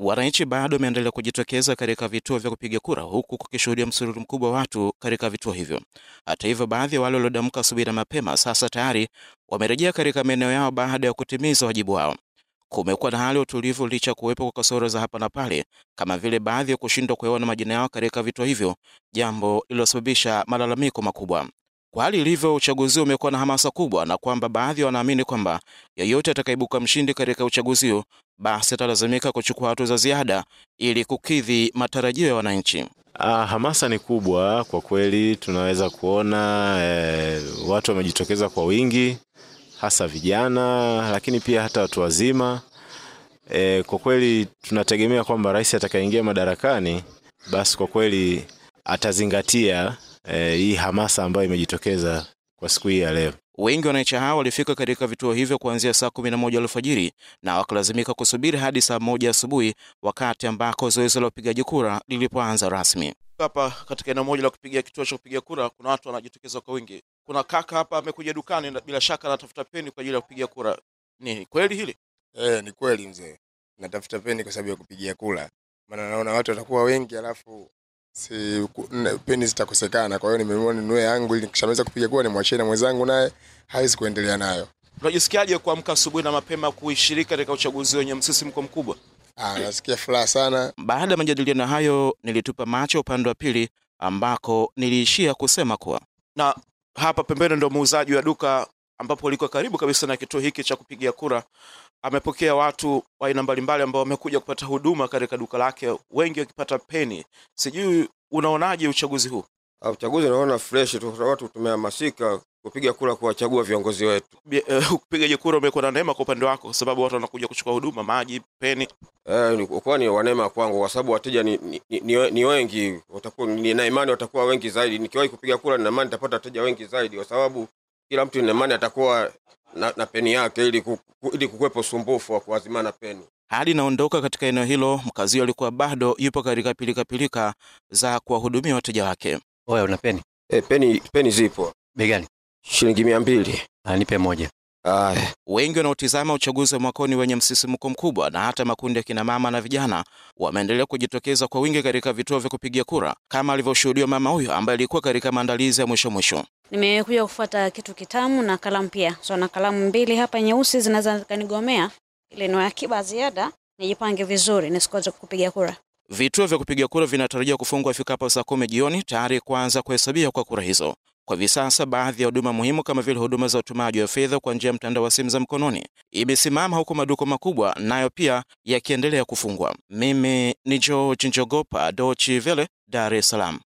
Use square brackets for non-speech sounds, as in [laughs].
Wananchi bado wameendelea kujitokeza katika vituo vya kupiga kura huku kukishuhudia msururu mkubwa wa watu katika vituo hivyo. Hata hivyo, baadhi ya wale waliodamka asubuhi na mapema sasa tayari wamerejea katika maeneo yao baada ya kutimiza wajibu wao. Kumekuwa na hali ya utulivu licha ya kuwepo kwa kasoro za hapa na pale, kama vile baadhi ya kushindwa kuyaona majina yao katika vituo hivyo, jambo lililosababisha malalamiko makubwa. Kwa hali ilivyo, uchaguzi umekuwa na hamasa kubwa na kwamba baadhi wanaamini kwamba yeyote atakaibuka mshindi katika uchaguzi huu basi atalazimika kuchukua hatua za ziada ili kukidhi matarajio ya wananchi. Ah, hamasa ni kubwa kwa kweli, tunaweza kuona eh, watu wamejitokeza kwa wingi hasa vijana, lakini pia hata watu wazima. Eh, kwa kweli tunategemea kwamba rais atakayeingia madarakani basi kwa kweli atazingatia eh, hii hamasa ambayo imejitokeza kwa siku hii ya leo. Wengi wananchi hao walifika katika vituo hivyo kuanzia saa kumi na moja alfajiri na wakalazimika kusubiri hadi saa moja asubuhi, wakati ambako zoezi la upigaji kura lilipoanza rasmi. Hapa katika eneo moja la kupigia kituo cha kupiga kura, kuna watu wanajitokeza kwa wingi. Kuna kaka hapa amekuja dukani, bila shaka anatafuta peni kwa ajili ya kupiga kura. Ni kweli hili? Eh, ni kweli mzee, natafuta peni kwa sababu ya kupigia kura, maana naona watu watakuwa wengi, alafu si peni zitakosekana. Kwa hiyo nimeamua ninunue yangu ili nikishamaliza kupiga kuwa nimwachie na mwenzangu, naye hawezi kuendelea nayo. Unajisikiaje kuamka asubuhi na mapema kuishiriki katika uchaguzi wenye msisimko mkubwa? Ah, nasikia furaha sana. Baada ya majadiliano hayo, nilitupa macho upande wa pili ambako niliishia kusema kuwa na hapa pembeni ndo muuzaji wa duka ambapo liko karibu kabisa na kituo hiki cha kupigia kura. Amepokea watu wa aina mbalimbali ambao wamekuja kupata huduma katika duka lake, wengi wakipata peni. Sijui unaonaje uchaguzi huu? Ah, uchaguzi unaona fresh tu, watu tumehamasika kupiga kura, kuwachagua viongozi wetu. Eh, [laughs] upigaji kura umekuwa na neema kwa upande wako, kwa sababu watu wanakuja kuchukua huduma, maji, peni? Eh, ukuwa ni wanema kwangu, kwa sababu wateja ni, ni, ni, ni wengi, watakuwa nina imani watakuwa wengi zaidi. Nikiwahi kupiga kura, nina nitapata wateja wengi zaidi, kwa sababu kila mtu inamani atakuwa na, na peni yake ili, ku, ili kukwepo usumbufu wa kuazimana peni. Hadi inaondoka katika eneo hilo, mkazi alikuwa bado yupo katika pilikapilika za kuwahudumia wateja wake. Oya, una peni? E, peni peni zipo. Bei gani? Shilingi mia mbili. Ah, nipe moja. Aya. Wengi wanaotizama uchaguzi wa mwakoni wenye msisimko mkubwa na hata makundi ya kina mama na vijana wameendelea kujitokeza kwa wingi katika vituo vya kupigia kura, kama alivyoshuhudiwa mama huyo ambaye alikuwa katika maandalizi ya mwisho mwisho. Nimekuja kufuata kitu kitamu na kalamu pia. So na kalamu mbili hapa nyeusi zinaweza zikanigomea ile ni akiba ziada, nijipange vizuri nisikoze kupiga kura. Vituo vya kupiga kura vinatarajiwa kufungwa ifikapo saa kumi jioni tayari kuanza kuhesabia kwa kura hizo. Kwa hivi sasa, baadhi ya huduma muhimu kama vile huduma za utumaji wa fedha kwa njia ya mtandao wa simu za mkononi imesimama, huku maduka makubwa nayo pia yakiendelea kufungwa. Mimi ni George Njogopa, Dochi Vele, Dar es Salaam.